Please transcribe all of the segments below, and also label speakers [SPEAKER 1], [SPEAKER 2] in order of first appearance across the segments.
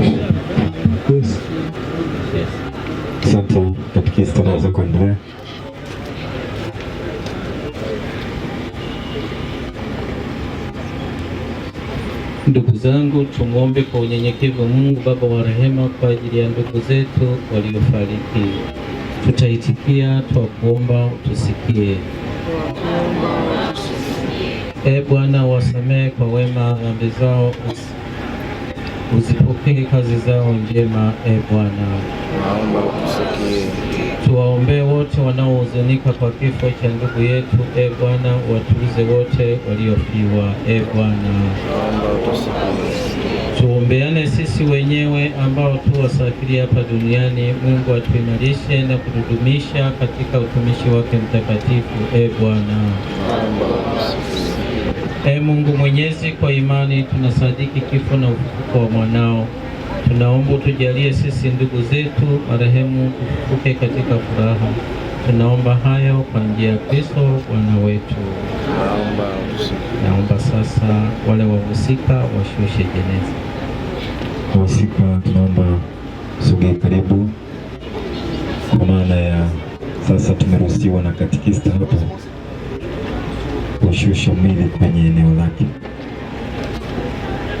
[SPEAKER 1] Yes. Asante kuendelea. Ndugu zangu, tumwombe kwa unyenyekevu Mungu Baba wa rehema kwa ajili ya ndugu zetu waliofariki. Tutaitikia, twakuomba tusikie. E Bwana, wasamehe kwa wema dhambi zao, usipokee kazi zao njema, e Bwana. Tuwaombee wote wanaohuzunika kwa kifo cha ndugu yetu, e Bwana, watulize wote waliofiwa, e Bwana. Tuombeane sisi wenyewe ambao tu wasafiri hapa duniani. Mungu atuimarishe na kutudumisha katika utumishi wake mtakatifu, e Bwana e Mungu Mwenyezi, kwa imani tunasadiki kifo na ufufuko wa mwanao, tunaomba tujalie sisi ndugu zetu marehemu tufufuke katika furaha. Tunaomba hayo kwa njia ya Kristo Bwana wetu. Naomba sasa wale wahusika washushe jeneza. Wahusika tunaomba sogee karibu, kwa maana ya sasa tumeruhusiwa na katikista hapo kushusha mwili kwenye eneo lake.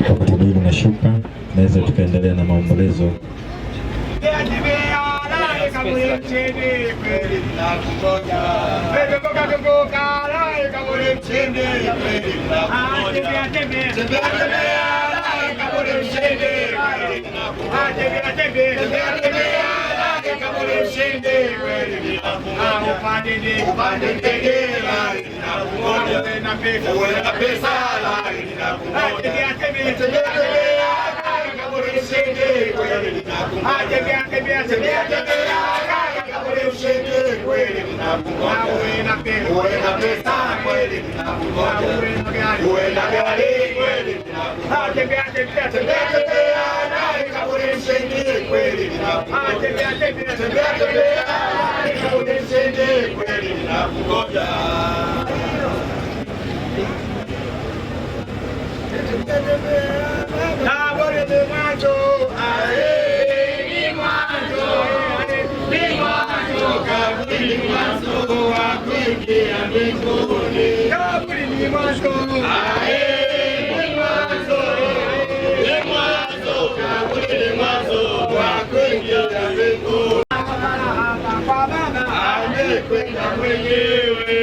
[SPEAKER 1] Wakati mwili unashuka, tunaweza tukaendelea na maombolezo. kama mshindi kweli, upande ni upande, ndege lari nakuona, na pesa na pesa lari nakuona, tembea tembea tembea Kaburi ni mwanzo wa kuingia mbinguni. Kaburi ni mwanzo mwenyewe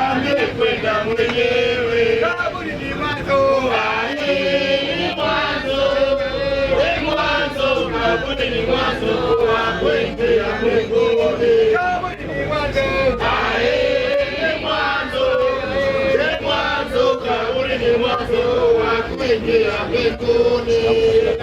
[SPEAKER 1] amekwenda mwenyewe kaburi ni mwanzo wa kuingia mbinguni. Kaburi ni mwanzo wa kuingia mbinguni.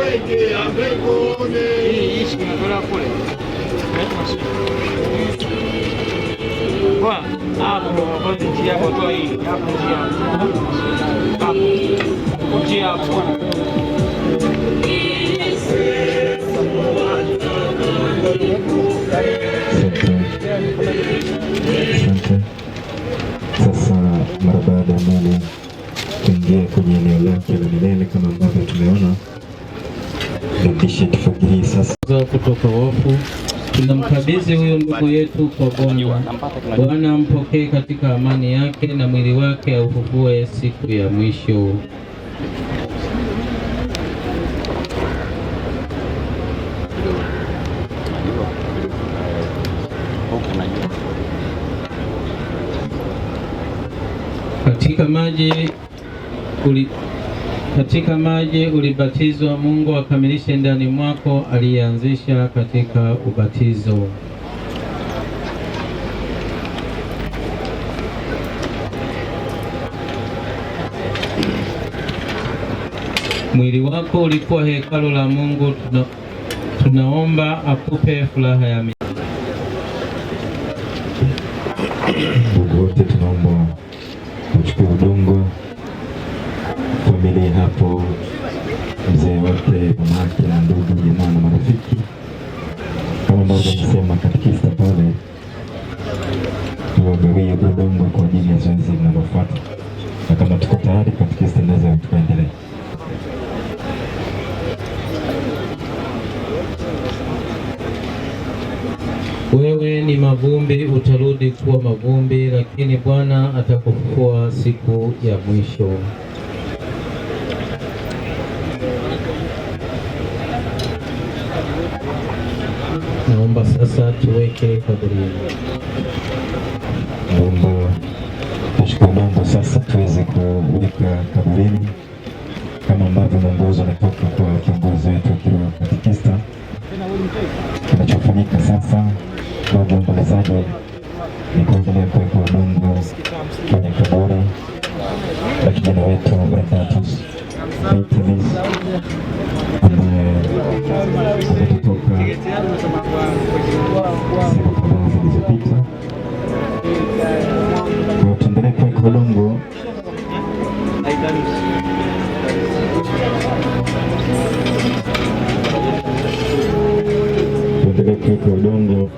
[SPEAKER 1] Peki, Abrikone. İyi, iyi şimdi bırak burayı. Etmesin. Qua, apro, poi ti giro poi, apro, giro. Apro, giro, apro. Sasa barabara ya umeme kuingia kwenye eneo lake la milele kama ambavyo sasa kutoka hofu. Tunamkabidhi huyo ndugu yetu kwa Bwana. Bwana ampokee katika amani yake na mwili wake aufufue siku ya mwisho. Katika maji kuli katika maji ulibatizwa, Mungu akamilishe ndani mwako aliyeanzisha katika ubatizo. Mwili wako ulikuwa hekalu la Mungu, tuna, tunaomba akupe furaha ya Mungu wote tunaomba udongo familia hapo, mzee wote, mamake na ndugu jamaa na marafiki, kama ambavyo amesema katekista pale, tuwagawie udongo kwa ajili ya zoezi linalofuata, na kama tuko tayari, katekista naweza tukaendelea. Wewe ni mavumbi, utarudi kuwa mavumbi, lakini Bwana atakufufua siku ya mwisho. Sasa tuweke kadri bombo, tuchukue bombo sasa tuweze kuweka kaburini kama ambavyo mwongozo unatoka kwa kiongozi wetu wa katekista. Kinachofanyika sasa, ndugu mtangazaji, ni kuendelea kuweka udongo kwenye kaburi la kijana wetu Redatus Mitilis ambaye ametotoka Bulongo tunataka kuweka udongo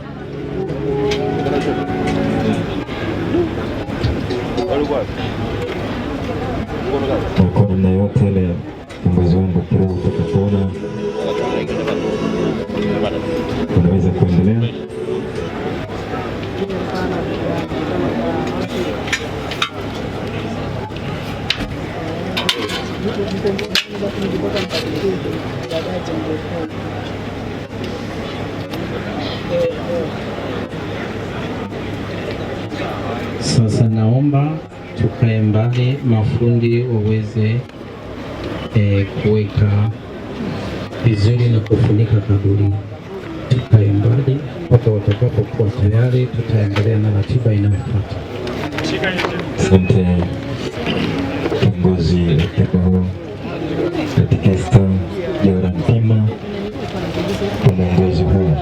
[SPEAKER 1] kwa namna yote ile. Kiongozi wangu kidogo kuona unaweza kuendelea Sasa naomba tukae mbali, mafundi waweze eh, kuweka vizuri na kufunika kaburi. Tukae mbali mpaka watakapokuwa tayari, tutaendelea na ratiba inayofuata. Asante viongozi wakimu katika jao la mpima kwa mwongozo huu.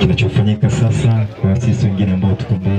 [SPEAKER 1] Kinachofanyika sasa kwa sisi wengine ambao tuko mbele